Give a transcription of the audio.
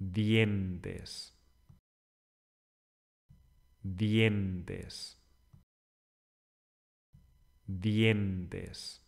dientes, dientes, dientes.